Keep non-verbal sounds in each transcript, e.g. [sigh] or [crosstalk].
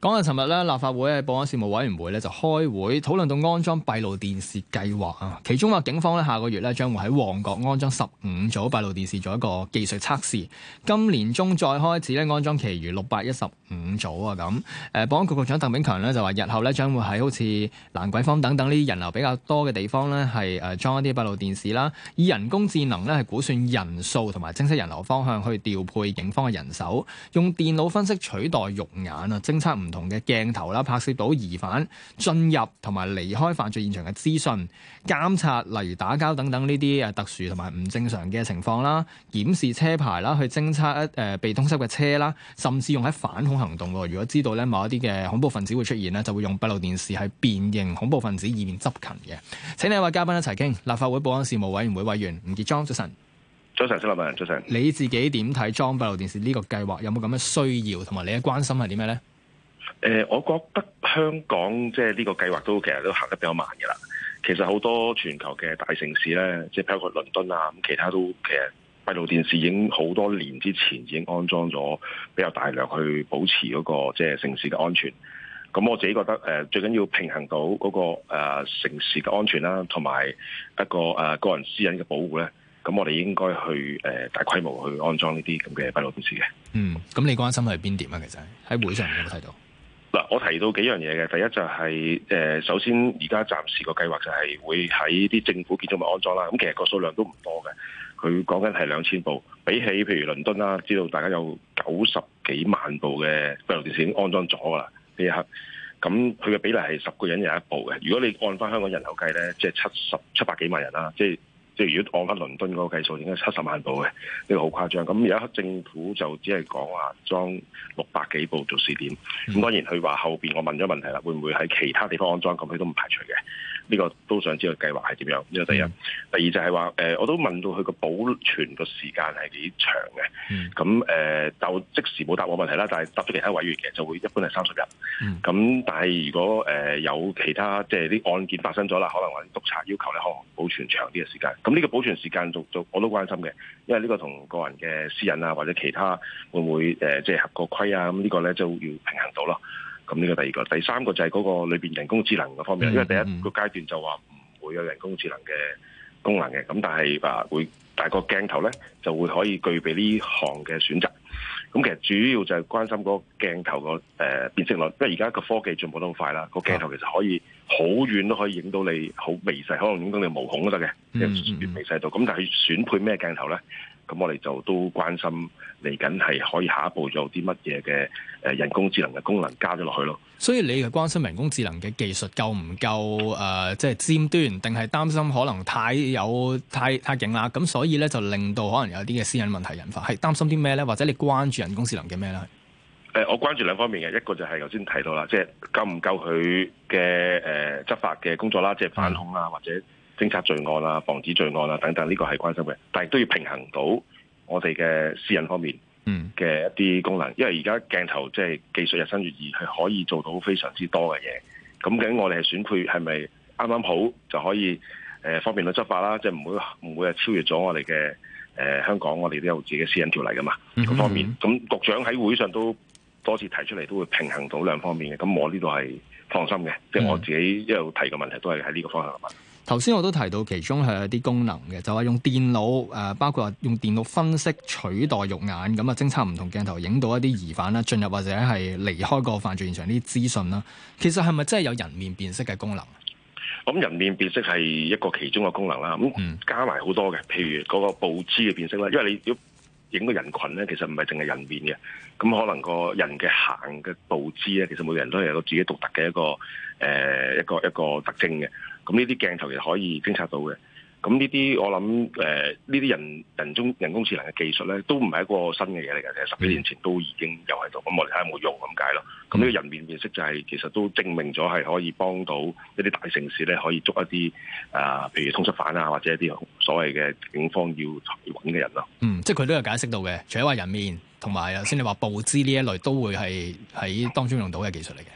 講到尋日咧，立法會喺保安事務委員會咧就開會討論到安裝閉路電視計劃啊。其中話警方咧下個月咧將會喺旺角安裝十五組閉路電視做一個技術測試，今年中再開始咧安裝，其餘六百一十五組啊。咁，誒保安局局長鄧炳強咧就話，日後咧將會喺好似蘭桂坊等等呢啲人流比較多嘅地方咧，係誒裝一啲閉路電視啦，以人工智能咧係估算人數同埋偵測人流方向去調配警方嘅人手，用電腦分析取代肉眼啊，偵測。唔同嘅鏡頭啦，拍攝到疑犯進入同埋離開犯罪現場嘅資訊監察，例如打交等等呢啲啊特殊同埋唔正常嘅情況啦，檢視車牌啦，去偵查誒被通緝嘅車啦，甚至用喺反恐行動。如果知道呢某一啲嘅恐怖分子會出現呢，就會用閉路電視係辨認恐怖分子以便執勤嘅。請兩位嘉賓一齊傾，立法會保安事務委員會委員吳傑莊，早晨，早晨，先浪民，早晨。你自己點睇裝閉路電視呢個計劃？有冇咁嘅需要同埋你嘅關心係點嘅呢？誒，我覺得香港即係呢個計劃都其實都行得比較慢嘅啦。其實好多全球嘅大城市咧，即係包括倫敦啊，咁其他都其實閉路電視已經好多年之前已經安裝咗比較大量，去保持嗰個即係城市嘅安全。咁我自己覺得誒，最緊要平衡到嗰個誒城市嘅安全啦，同埋一個誒個人私隱嘅保護咧。咁我哋應該去誒大規模去安裝呢啲咁嘅閉路電視嘅。嗯，咁你關心喺邊點啊？其實喺會上有冇睇到？嗱，我提到幾樣嘢嘅，第一就係，誒，首先而家暫時個計劃就係會喺啲政府建築物安裝啦，咁其實個數量都唔多嘅，佢講緊係兩千部，比起譬如倫敦啦，知道大家有九十幾萬部嘅閉路電視已經安裝咗噶啦，啲咁佢嘅比例係十個人有一部嘅，如果你按翻香港人口計咧，即係七十七百幾萬人啦，即係。即係如果按翻倫敦嗰個計數，應該七十萬部嘅，呢個好誇張。咁而家政府就只係講話裝六百幾部做試點。咁當然佢話後面我問咗問題啦，會唔會喺其他地方安裝？咁佢都唔排除嘅。呢個都想知道計劃係點樣。呢個第一，嗯、第二就係話誒，我都問到佢個保存個時間係幾長嘅。咁誒就即時冇答我問題啦。但係答咗其他委員嘅就會一般係三十日。咁但係如果誒有其他即係啲案件發生咗啦，可能我哋督察要求你可能保存長啲嘅時間。咁呢個保存時間就就我都關心嘅，因為呢個同個人嘅私隱啊或者其他會唔會即係、呃就是、合個規啊？咁呢個咧就要平衡到咯。咁呢個第二個，第三個就係嗰個裏面人工智能嘅方面，mm hmm. 因為第一個階段就話唔會有人工智能嘅功能嘅，咁但係話會大個鏡頭咧就會可以具備呢項嘅選擇。咁其實主要就係關心嗰個鏡頭個誒、呃、變色率，因為而家個科技進步都好快啦，個鏡頭其實可以。好遠都可以影到你，好微細，可能影到你毛孔都、嗯、得嘅，即越微細到。咁但係選配咩鏡頭咧？咁我哋就都關心嚟緊係可以下一步有啲乜嘢嘅誒人工智能嘅功能加咗落去咯。所以你係關心人工智能嘅技術夠唔夠誒？即、呃、係、就是、尖端，定係擔心可能太有太太勁啦？咁所以咧就令到可能有啲嘅私隱問題引發，係擔心啲咩咧？或者你關注人工智能嘅咩咧？誒，我關注兩方面嘅，一個就係頭先提到啦，即係夠唔夠佢嘅誒執法嘅工作啦，即係反恐啦，或者偵察罪案啦、啊、防止罪案啦、啊、等等，呢個係關心嘅，但係都要平衡到我哋嘅私隱方面嘅一啲功能，嗯、因為而家鏡頭即係技術日新月異，係可以做到非常之多嘅嘢。咁究竟我哋係選配係咪啱啱好就可以誒、呃、方便到執法啦？即係唔會唔會超越咗我哋嘅誒香港，我哋都有自己嘅私隱條例噶嘛？嗰方面，咁、嗯嗯嗯、局長喺會上都多次提出嚟，都會平衡到兩方面嘅，咁我呢度係放心嘅，mm. 即係我自己一路提嘅問題都係喺呢個方向啊嘛。頭先我都提到其中係有啲功能嘅，就話用電腦，誒、呃，包括話用電腦分析取代肉眼咁啊，偵測唔同鏡頭影到一啲疑犯啦，進入或者係離開個犯罪現場呢啲資訊啦。其實係咪真係有人面辨識嘅功能？咁人面辨識係一個其中嘅功能啦。咁加埋好多嘅，譬如嗰個步姿嘅辨識啦，因為你影嘅人群咧，其實唔係淨係人面嘅，咁可能個人嘅行嘅步姿咧，其實每個人都係有個自己獨特嘅一個誒、呃，一個一個特徵嘅，咁呢啲鏡頭其實可以偵測到嘅。咁呢啲我諗誒呢啲人人中人工智能嘅技術咧，都唔係一個新嘅嘢嚟嘅，其實十幾年前都已經有喺度。咁、嗯、我哋睇下有冇用咁解咯。咁呢個人面辨識就係、是、其實都證明咗係可以幫到一啲大城市咧，可以捉一啲啊，譬、呃、如通緝犯呀、啊，或者一啲所謂嘅警方要要搵嘅人咯。嗯，即係佢都有解釋到嘅。除咗話人面，同埋頭先你話報資呢一類都會係喺當中用到嘅技術嚟嘅。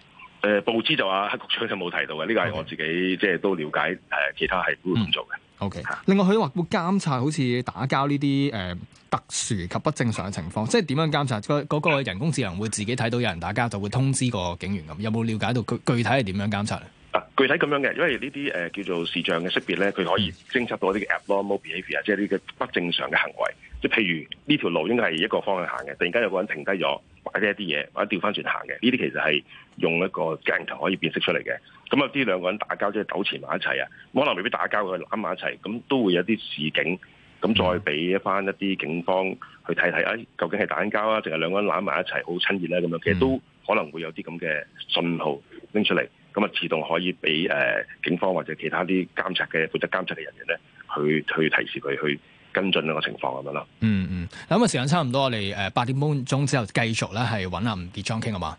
誒、呃，報資就啊，局長就冇提到嘅。呢個係我自己即係都了解誒、呃，其他係都會咁做嘅。嗯 O.K.，另外佢話會監察好似打交呢啲誒特殊及不正常嘅情況，即係點樣監察？嗰、嗰個人工智能會自己睇到有人打交，就會通知個警員咁。有冇了解到具具體係點樣監察咧？啊，具體咁樣嘅，因為呢啲誒叫做視像嘅識別咧，佢可以偵測到啲 abnormal behaviour 即係呢個不正常嘅行為，即係譬如呢條路應該係一個方向行嘅，突然間有個人停低咗。或者一啲嘢，或者調翻轉行嘅，呢啲其實係用一個鏡頭可以辨識出嚟嘅。咁啊，啲兩個人打交即係糾纏埋一齊啊，可能未必打交，佢攬埋一齊，咁都會有啲示警，咁再俾一翻一啲警方去睇睇，哎，究竟係打交啊，定係兩個人攬埋一齊好親熱咧？咁樣其實都可能會有啲咁嘅信號拎出嚟，咁啊自動可以俾誒、呃、警方或者其他啲監察嘅負責監察嘅人員咧，去去提示佢去。跟進兩個情況咁樣咯。嗯嗯，咁、那、啊、個、時間差唔多，我哋誒八點半鐘之後繼續咧係揾阿吳傑莊傾好嘛。好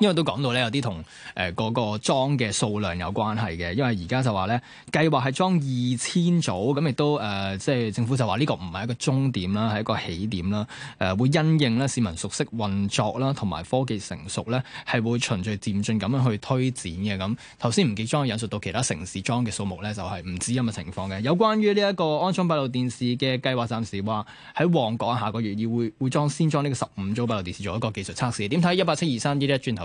因為都講到咧，有啲同嗰個裝裝嘅數量有關係嘅。因為而家就話咧，計劃係裝二千組，咁亦都即係、呃就是、政府就話呢個唔係一個終點啦，係一個起點啦。誒、呃、會因應咧市民熟悉運作啦，同埋科技成熟咧，係會循序漸進咁樣去推展嘅。咁頭先唔記得裝引述到其他城市裝嘅數目咧，就係唔知咁嘅情況嘅。有關於呢一個安裝閉路電視嘅計劃，暫時話喺旺角下個月要會會裝先裝呢個十五組閉路電視做一個技術測試。點睇一八七二三呢一轉頭？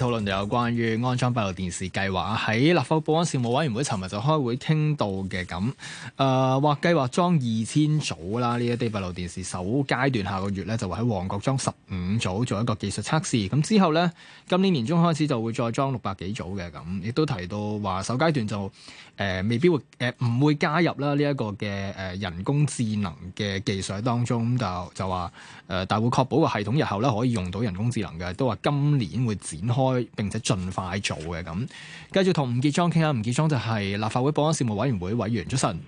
討論就有關於安裝閉路電視計劃喺立法會保安事務委員會，尋日就開會傾到嘅咁，誒、呃、話計劃裝二千組啦，呢一啲閉路電視首階段下個月咧就話喺旺角裝十五組做一個技術測試，咁之後咧今年年中開始就會再裝六百幾組嘅咁，亦都提到話首階段就誒、呃、未必會誒唔、呃、會加入啦呢一個嘅誒人工智能嘅技術當中，就就話誒但會確保個系統日後咧可以用到人工智能嘅，都話今年會展開。並且盡快做嘅咁，繼續同吳傑莊傾下。吳傑莊就係立法會保安事務委員會委員。早晨，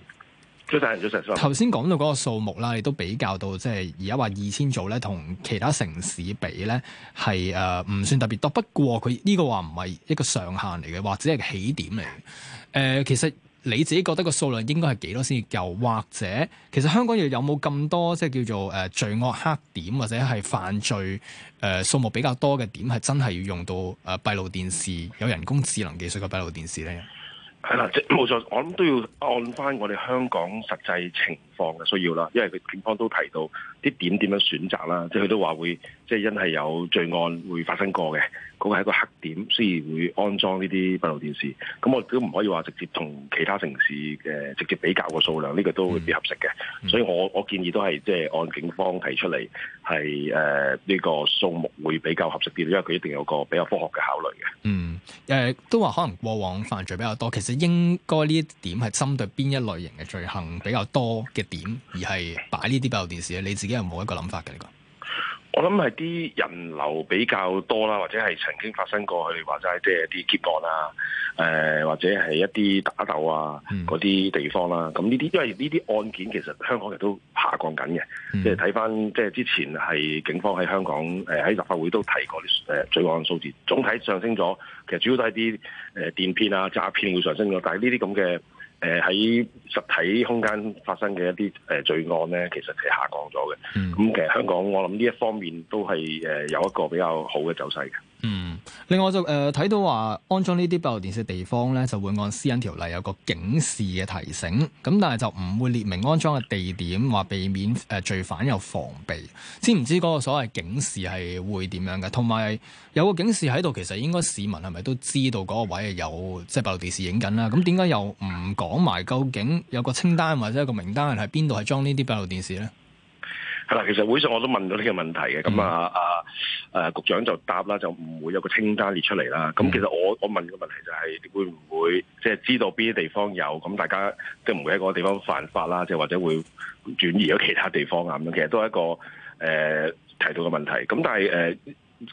早晨，早晨。頭先講到嗰個數目啦，亦都比較到即係而家話二千組咧，同其他城市比咧係誒唔算特別多。不過佢呢個話唔係一個上限嚟嘅，或者係起點嚟嘅。誒、呃，其實。你自己覺得個數量應該係幾多先至夠？或者其實香港又有冇咁多即係叫做誒罪惡黑點，或者係犯罪誒數目比較多嘅點，係真係要用到誒、呃、閉路電視，有人工智能技術嘅閉路電視咧？係啦，即冇錯，我諗都要按翻我哋香港實際情。嘅需要啦，因為佢警方都提到啲點點樣選擇啦，即係佢都話會，即係因係有罪案會發生過嘅，嗰個係一個黑點，先至會安裝呢啲閉路電視，咁我亦都唔可以話直接同其他城市嘅直接比較個數量，呢個都會比較合適嘅。嗯嗯，所以我我建議都係即係按警方提出嚟係誒呢個數目會比較合適啲，因為佢一定有個比較科學嘅考慮嘅。嗯，誒都話可能過往犯罪比較多，其實應該呢一點係針對邊一類型嘅罪行比較多嘅？點而係擺呢啲閉路電視你自己有冇一個諗法嘅？呢個我諗係啲人流比較多啦，或者係曾經發生過，佢哋話齋即係啲劫案啊，誒或者係一啲、呃、打鬥啊嗰啲、嗯、地方啦。咁呢啲因為呢啲案件其實香港亦都下降緊嘅，即係睇翻即係之前係警方喺香港誒喺、呃、立法會都提過誒罪、呃、案的數字，總體上升咗。其實主要都係啲誒電騙啊、詐騙會上升咗，但係呢啲咁嘅。誒喺、呃、實體空間發生嘅一啲誒、呃、罪案咧，其實係下降咗嘅。嗯。咁其實香港，我諗呢一方面都係誒、呃、有一個比較好嘅走勢嘅。嗯，另外就睇、呃、到話安裝呢啲閉路電視嘅地方咧，就會按私隱條例有個警示嘅提醒，咁但係就唔會列明安裝嘅地點，話避免罪、呃、犯有防備。知唔知嗰個所謂警示係會點樣嘅？同埋有，有個警示喺度，其實應該市民係咪都知道嗰個位係有即係閉路電視影緊啦？咁點解又唔講埋究竟有個清單或者有個名單係邊度係裝呢啲閉路電視咧？嗱，其實會上我都問咗呢個問題嘅，咁啊啊誒、啊、局長就答啦，就唔會有個清單列出嚟啦。咁其實我我問個問題就係會唔會即係知道邊啲地方有，咁大家即係唔會喺個地方犯法啦，即係或者會轉移咗其他地方啊咁樣。其實都係一個誒、呃、提到嘅問題。咁但係誒。呃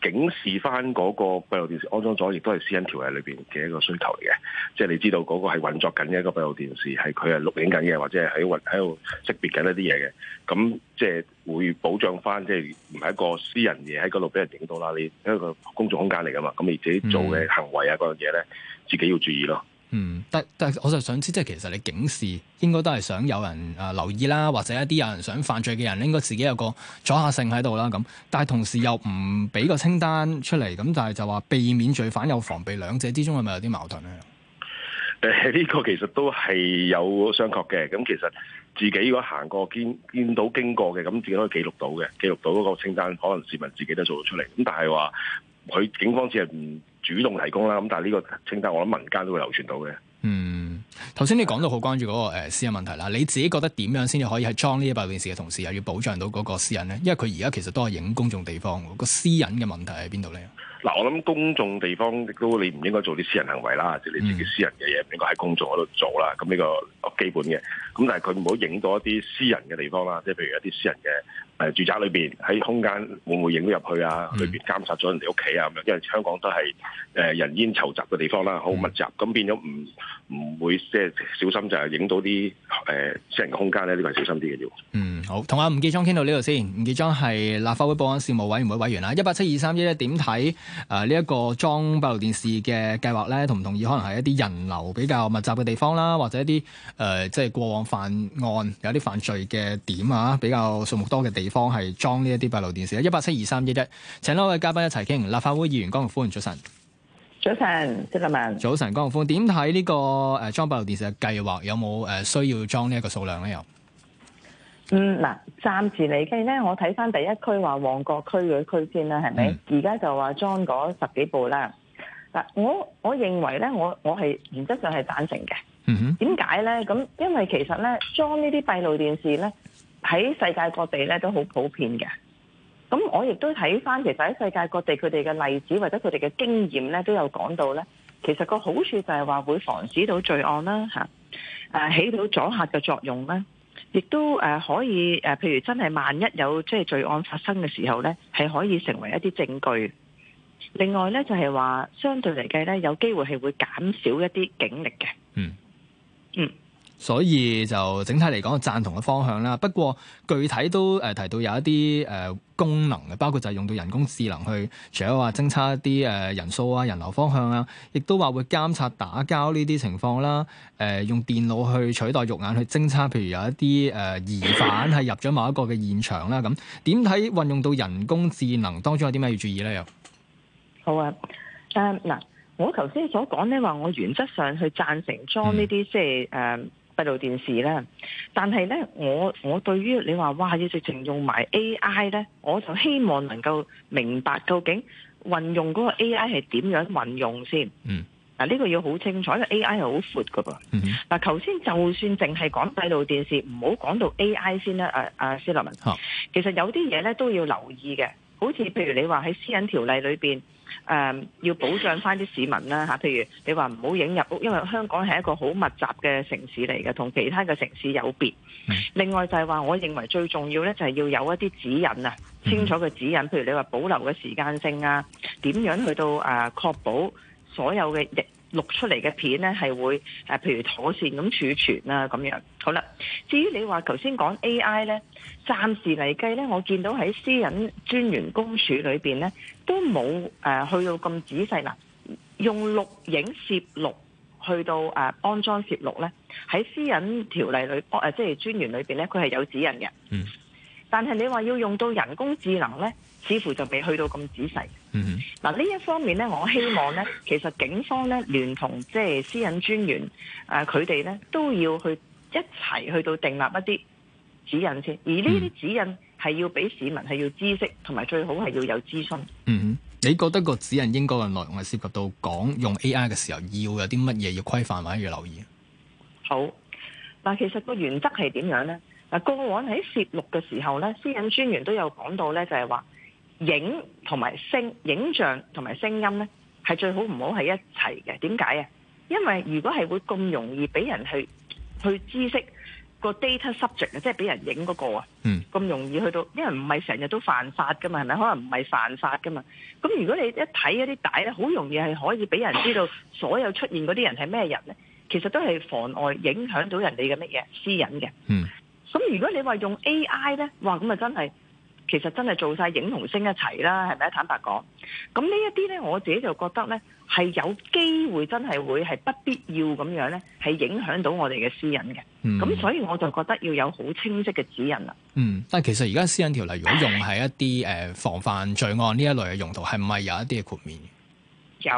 警示翻嗰個閉路電視安裝咗，亦都係私隱條例裏面嘅一個需求嚟嘅。即係你知道嗰個係運作緊嘅一個閉路電視，係佢係錄影緊嘅，或者係喺喺度識別緊一啲嘢嘅。咁即係會保障翻，即係唔係一個私人嘢喺嗰度俾人影到啦。你一個工作空間嚟噶嘛，咁你自己做嘅行為啊嗰樣嘢咧，自己要注意咯。 [noise] [noise] [noise] [noise] [noise] 嗯，但但我就想知，即係其實你警示應該都係想有人，呃、留意啦，或者一啲有人想犯罪嘅人，應該自己有個阻嚇性喺度啦。咁但係同時又唔俾個清單出嚟，咁但係就話避免罪犯又防備兩者之中，係咪有啲矛盾咧？誒、呃、呢、這個其實都係有商榷嘅。咁其實自己如果行過見見到經過嘅，咁自己可以記錄到嘅，記錄到嗰個清單，可能市民自己都做得出嚟。咁但係話佢警方只係唔主動提供啦，咁但係呢個清單，我諗民間都會流傳到嘅。嗯，頭先你講到好關注嗰個誒私隱問題啦，你自己覺得點樣先至可以係裝呢一百件事嘅同時又要保障到嗰個私隱咧？因為佢而家其實都係影公眾地方，個私隱嘅問題喺邊度咧？嗱，我諗公眾地方亦都你唔應該做啲私人行為啦，即你自己私人嘅嘢唔應該喺公眾嗰度做啦。咁呢個基本嘅，咁但係佢唔好影到一啲私人嘅地方啦，即係譬如一啲私人嘅。誒住宅裏邊喺空間會唔會影到入去啊？裏邊監察咗人哋屋企啊咁樣，因為香港都係誒人煙稠集嘅地方啦，好密集，咁、嗯、變咗唔唔會即係小心就係影到啲誒、呃、私人空間咧，呢個係小心啲嘅要。嗯，好，同阿吳傑莊傾到呢度先。吳傑莊係立法會保安事務委員會委員啊，一八七二三一咧點睇誒呢一個裝閉路電視嘅計劃咧？同唔同意可能係一啲人流比較密集嘅地方啦，或者一啲誒即係過往犯案有啲犯罪嘅點啊，比較數目多嘅地方。地方係裝呢一啲閉路電視咧，一八七二三一一，請多位嘉賓一齊傾。立法會議員江玉歡，早晨，早晨上，朱立文，早晨，江玉歡，點睇呢個誒裝閉路電視嘅計劃？有冇誒、啊、需要裝呢一個數量咧？又嗯嗱，暫、啊、時嚟計咧，我睇翻第一區話旺角區嘅區先啦，係咪？而家、嗯、就話裝嗰十幾部啦。嗱、啊，我我認為咧，我我係原則上係贊成嘅。嗯哼，點解咧？咁因為其實咧，裝呢啲閉路電視咧，喺世界各地咧都好普遍嘅，咁我亦都睇翻，其實喺世界各地佢哋嘅例子或者佢哋嘅經驗咧都有講到咧，其實個好處就係話會防止到罪案啦嚇，誒、啊、起到阻嚇嘅作用啦，亦、啊、都誒、啊、可以誒、啊，譬如真係萬一有即係、就是、罪案發生嘅時候咧，係可以成為一啲證據。另外咧就係、是、話相對嚟計咧，有機會係會減少一啲警力嘅。嗯嗯。嗯所以就整體嚟講，贊同嘅方向啦。不過具體都誒提到有一啲誒功能嘅，包括就係用到人工智能去，除咗話偵測一啲人數啊、人流方向啊，亦都話會監察打交呢啲情況啦、呃。用電腦去取代肉眼去偵測，譬如有一啲誒疑犯係入咗某一個嘅現場啦。咁點睇運用到人工智能當中有啲咩要注意咧？又好啊。誒、呃、嗱，我頭先所講咧話，我原則上去贊成裝呢啲，嗯、即係。呃閉路電視啦，但係咧，我我對於你話哇要直情用埋 A I 咧，我就希望能夠明白究竟運用嗰個 A I 係點樣運用先。嗯，嗱呢個要好清楚，因為 A I 係好闊噶噃。嗯哼，嗱，頭先就算淨係講閉路電視，唔好講到 A I 先啦。阿阿施立文，啊、其實有啲嘢咧都要留意嘅，好似譬如你話喺私隱條例裏邊。誒、嗯、要保障翻啲市民啦嚇，譬如你話唔好影入屋，因為香港係一個好密集嘅城市嚟嘅，同其他嘅城市有別。另外就係話，我認為最重要呢，就係要有一啲指引啊，清楚嘅指引，譬如你話保留嘅時間性啊，點樣去到誒、呃、確保所有嘅錄出嚟嘅片呢係會誒，譬如妥善咁儲存啦，咁樣好啦。至於你話頭先講 AI 呢，暫時嚟計呢，我見到喺私隱專員公署裏面呢都冇誒、呃、去到咁仔細啦、呃、用錄影攝錄去到誒、呃、安裝攝錄呢，喺私隱條例裏即係專員裏面呢，佢係有指引嘅。嗯。但係你話要用到人工智能呢，似乎就未去到咁仔細。嗯，嗱呢一方面咧，我希望咧，其實警方咧，聯同即係私隱專員誒，佢哋咧都要去一齊去到訂立一啲指引先，而呢啲指引係要俾市民係要知識，同埋最好係要有諮詢。嗯，你覺得個指引應該個內容係涉及到講用 AI 嘅時候要有啲乜嘢要規範或者要留意？好，嗱，其實個原則係點樣咧？嗱，過往喺攝錄嘅時候咧，私隱專員都有講到咧，就係話。影同埋聲、影像同埋聲音呢，係最好唔好喺一齊嘅。點解啊？因為如果係會咁容易俾人去去知悉個 data subject 即係俾人影嗰、嗰個啊，咁、嗯、容易去到，因為唔係成日都犯法噶嘛，係咪？可能唔係犯法噶嘛。咁如果你一睇一啲帶呢，好容易係可以俾人知道所有出現嗰啲人係咩人呢，其實都係妨礙影響到人哋嘅乜嘢私隱嘅。嗯。咁如果你話用 AI 呢，哇，咁啊真係～其實真係做晒影同聲一齊啦，係咪？坦白講，咁呢一啲呢，我自己就覺得呢係有機會真係會係不必要咁樣呢係影響到我哋嘅私隱嘅。嗯，咁所以我就覺得要有好清晰嘅指引啦。嗯，但其實而家私隱條例如果用喺一啲誒防範罪案呢一類嘅用途，係唔係有一啲嘅豁免？有，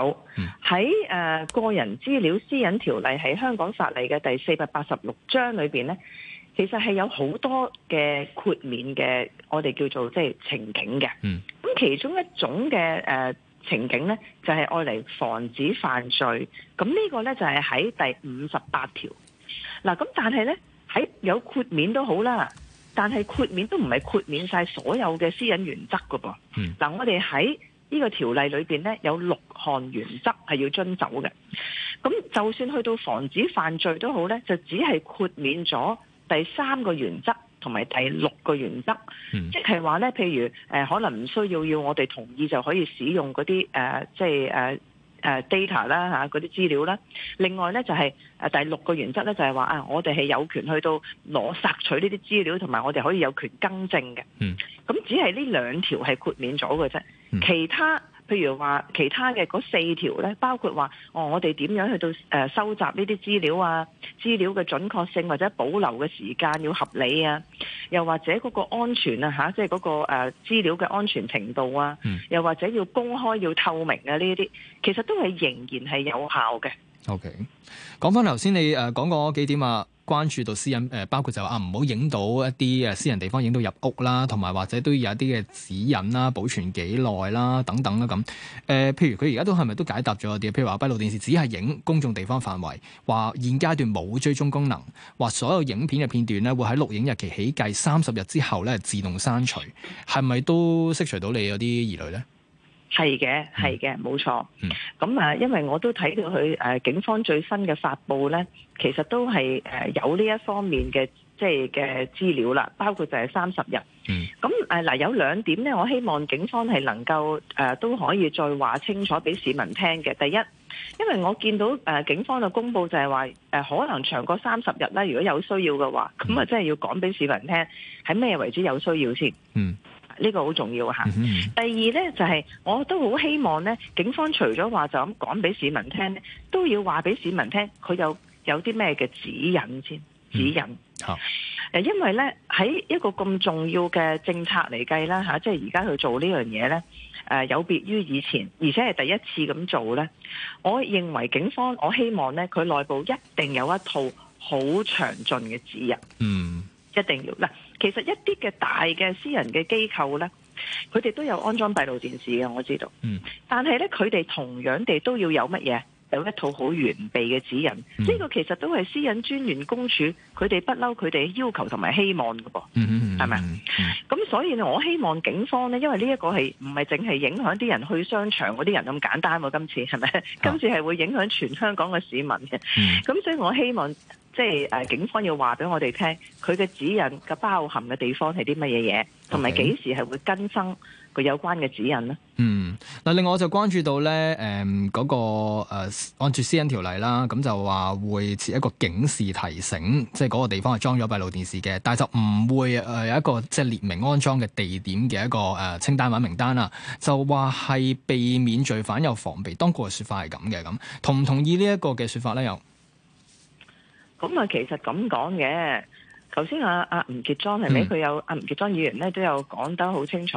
喺誒、嗯呃、個人資料私隱條例喺香港法例嘅第四百八十六章裏邊呢。其實係有好多嘅豁免嘅，我哋叫做即係、就是、情景嘅。咁、嗯、其中一種嘅誒、呃、情景咧，就係愛嚟防止犯罪。咁呢個咧就係、是、喺第五十八條。嗱，咁但係咧喺有豁免都好啦，但係豁免都唔係豁免晒所有嘅私隱原則噶噃。嗱，嗯、我哋喺呢個條例裏邊咧有六項原則係要遵守嘅。咁就算去到防止犯罪都好咧，就只係豁免咗。第三個原則同埋第六個原則，即係話咧，譬如可能唔需要要我哋同意就可以使用嗰啲、呃、即係、呃呃、data 啦吓，嗰啲資料啦。另外咧就係、呃、第六個原則咧，就係話啊，我哋係有權去到攞索取呢啲資料，同埋我哋可以有權更正嘅。嗯，咁 [noise] 只係呢兩條係豁免咗嘅啫，其他。譬如話其他嘅嗰四條咧，包括話哦，我哋點樣去到收集呢啲資料啊？資料嘅準確性或者保留嘅時間要合理啊，又或者嗰個安全啊吓，即係嗰個資、啊、資料嘅安全程度啊，又或者要公開要透明啊呢啲，其實都係仍然係有效嘅。OK，講翻頭先你誒講過幾點啊。關注到私隱誒，包括就話啊，唔好影到一啲誒私人地方，影到入屋啦，同埋或者都要有啲嘅指引啦，保存幾耐啦，等等啦咁。誒、呃，譬如佢而家都係咪都解答咗啲？譬如話閉路電視只係影公眾地方範圍，話現階段冇追蹤功能，話所有影片嘅片段咧會喺錄影日期起計三十日之後咧自動刪除，係咪都消除到你嗰啲疑慮咧？係嘅，係嘅，冇錯。咁啊，因為我都睇到佢警方最新嘅發布呢，其實都係有呢一方面嘅即係嘅資料啦，包括就係三十日。咁嗱、嗯，有兩點呢，我希望警方係能夠都可以再話清楚俾市民聽嘅。第一，因為我見到警方嘅公佈就係話可能長過三十日啦，如果有需要嘅話，咁啊、嗯、真係要講俾市民聽，係咩為之有需要先。嗯。呢個好重要嚇。第二呢，就係我都好希望呢，警方除咗話就咁講俾市民聽咧，都要話俾市民聽，佢有有啲咩嘅指引先指引。嗯，啊，因為呢，喺一個咁重要嘅政策嚟計啦嚇，即係而家去做呢樣嘢呢，誒有別於以前，而且係第一次咁做呢。我認為警方我希望呢，佢內部一定有一套好詳盡嘅指引，嗯，一定要嗱。其實一啲嘅大嘅私人嘅機構呢，佢哋都有安裝閉路電視嘅，我知道。但係呢，佢哋同樣地都要有乜嘢？有一套好完備嘅指引，呢、嗯、個其實都係私隱專員公署佢哋不嬲佢哋要求同埋希望嘅噃，係咪？咁所以我希望警方呢，因為呢一個係唔係淨係影響啲人去商場嗰啲人咁簡單，是啊、 [laughs] 今次係咪？今次係會影響全香港嘅市民嘅，咁、嗯、所以我希望即係誒警方要話俾我哋聽，佢嘅指引嘅包含嘅地方係啲乜嘢嘢，同埋幾時係會更新。佢有關嘅指引咧，嗯，嗱，另外我就關注到咧，誒、嗯，嗰、嗰個誒，按照《私隱條例》啦，咁就話會設一個警示提醒，即係嗰個地方係裝咗閉路電視嘅，但係就唔會誒有一個即係、就是、列明安裝嘅地點嘅一個誒清單或名單啦，就話係避免罪犯又防備，當局嘅説法係咁嘅。咁，同唔同意呢一個嘅説法咧？又咁啊，其實咁講嘅，頭先阿啊吳傑莊係咪佢有阿吳傑莊議員咧都有講得好清楚。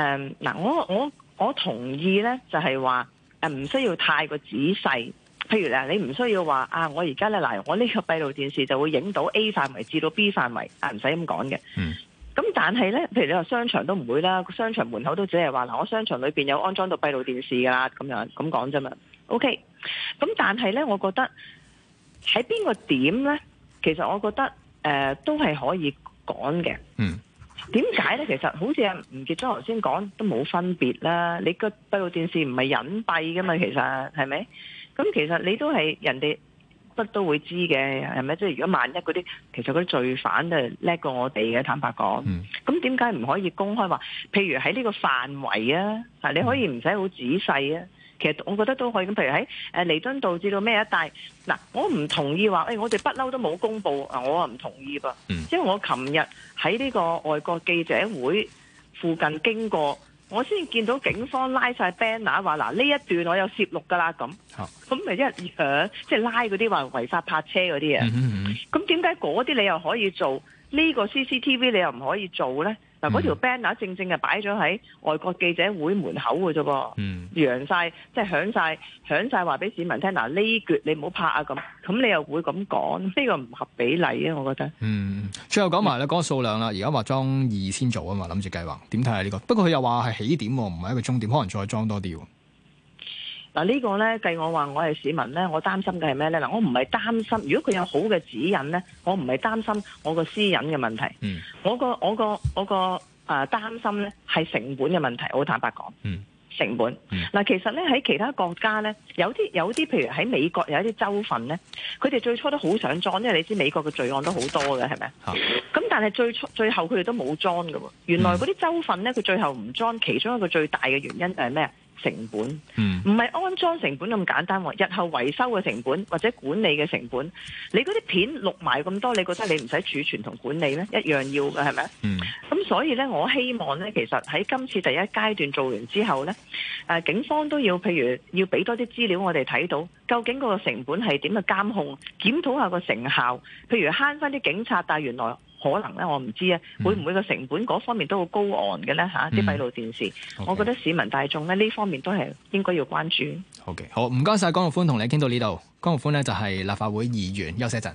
誒，嗱、嗯，我我我同意咧，就係話誒，唔需要太過仔細。譬如咧，你唔需要話啊，我而家咧，嗱，我呢個閉路電視就會影到 A 範圍至到 B 範圍，啊，唔使咁講嘅。嗯。咁但係咧，譬如你話商場都唔會啦，商場門口都只係話嗱，我商場裏邊有安裝到閉路電視噶啦，咁樣咁講啫嘛。O K。咁、okay、但係咧，我覺得喺邊個點咧，其實我覺得誒、呃，都係可以講嘅。嗯。點解咧？其實好似阿吳傑莊頭先講都冇分別啦。你個閉路電視唔係隱蔽噶嘛？其實係咪？咁其實你都係人哋不都會知嘅，係咪？即係如果萬一嗰啲，其實嗰啲罪犯都係叻過我哋嘅，坦白講。咁點解唔可以公開話？譬如喺呢個範圍啊，啊，你可以唔使好仔細啊。其實我覺得都可以咁，譬如喺誒彌敦道至到咩啊，但係嗱，我唔同意話、哎，我哋不嬲都冇公布，我啊唔同意噃。即係、嗯、我琴日喺呢個外國記者會附近經過，我先見到警方拉晒 banner 話，嗱，呢一段我有攝錄㗎啦咁，咁咪一樣，好一啊、即係拉嗰啲話違法泊車嗰啲啊。咁點解嗰啲你又可以做？呢個 CCTV 你又唔可以做咧？嗱、啊，嗰條 banner 正正係擺咗喺外國記者會門口嘅啫，嗯，揚晒，即係響晒響晒話俾市民聽。嗱、啊，呢橛你唔好拍啊！咁，咁你又會咁講？呢個唔合比例啊！我覺得。嗯，最後講埋咧嗰個數量啦。而家話裝二千組啊嘛，諗住計劃點睇下呢個？不過佢又話係起點喎，唔係一個終點，可能再裝多啲喎。嗱、啊這個、呢個咧計我話我係市民咧，我擔心嘅係咩咧？嗱，我唔係擔心，如果佢有好嘅指引咧，我唔係擔心我個私隱嘅問題。嗯，我，我個我個我個啊擔心咧係成本嘅問題，我坦白講。嗯，成本。嗱、嗯啊，其實咧喺其他國家咧，有啲有啲，譬如喺美國有一啲州份咧，佢哋最初都好想裝，因為你知美國嘅罪案都好多嘅，係咪？咁、啊、但係最初最後佢哋都冇裝嘅喎，原來嗰啲州份咧，佢最後唔裝，其中一個最大嘅原因就係咩？成本唔係安裝成本咁簡單喎，日後維修嘅成本或者管理嘅成本，你嗰啲片錄埋咁多，你覺得你唔使儲存同管理呢一樣要嘅係咪啊？咁、嗯、所以呢，我希望呢，其實喺今次第一階段做完之後呢，啊、警方都要譬如要俾多啲資料我哋睇到，究竟嗰個成本係點去監控檢討下個成效，譬如慳翻啲警察，但原來。可能咧，我唔知啊，會唔會個成本嗰方面都好高昂嘅咧吓，啲閉路電視，嗯、我覺得市民大眾咧呢方面都係應該要關注。Okay, 好嘅，好唔該晒。江玉歡同你傾到呢度。江玉歡呢就係立法會議員，休息一陣。